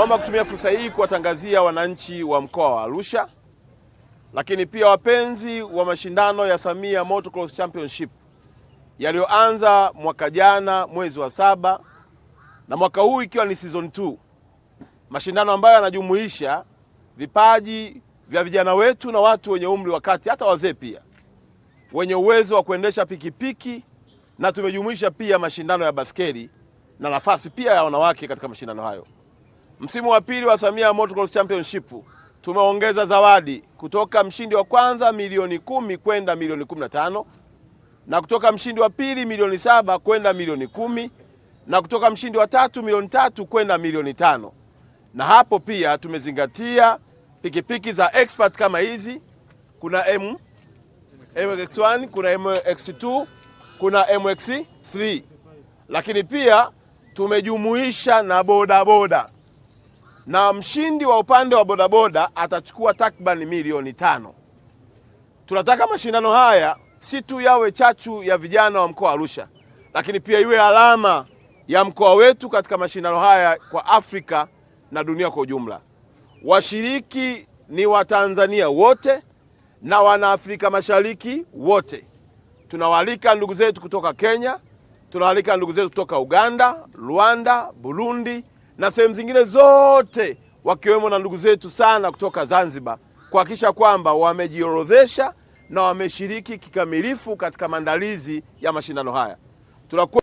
Naomba kutumia fursa hii kuwatangazia wananchi wa mkoa wa Arusha, lakini pia wapenzi wa mashindano ya Samia Motocross Championship yaliyoanza mwaka jana mwezi wa saba na mwaka huu ikiwa ni season 2, mashindano ambayo yanajumuisha vipaji vya vijana wetu na watu wenye umri wa kati hata wazee pia wenye uwezo wa kuendesha pikipiki, na tumejumuisha pia mashindano ya baskeli na nafasi pia ya wanawake katika mashindano hayo. Msimu wa pili wa Samia Motocross Championship tumeongeza zawadi kutoka mshindi wa kwanza milioni kumi kwenda milioni kumi na tano na kutoka mshindi wa pili milioni saba kwenda milioni kumi na kutoka mshindi wa tatu milioni tatu kwenda milioni tano na hapo pia tumezingatia pikipiki za expert kama hizi, kuna M, MX1 kuna MX2 kuna MX3, lakini pia tumejumuisha na bodaboda boda na mshindi wa upande wa bodaboda atachukua takriban milioni tano. Tunataka mashindano haya si tu yawe chachu ya vijana wa mkoa wa Arusha, lakini pia iwe alama ya mkoa wetu katika mashindano haya kwa Afrika na dunia kwa ujumla. Washiriki ni Watanzania wote na Wanaafrika Mashariki wote. Tunawaalika ndugu zetu kutoka Kenya, tunawaalika ndugu zetu kutoka Uganda, Rwanda, Burundi na sehemu zingine zote, wakiwemo na ndugu zetu sana kutoka Zanzibar, kuhakikisha kwamba wamejiorodhesha na wameshiriki kikamilifu katika maandalizi ya mashindano haya. Tunakuwa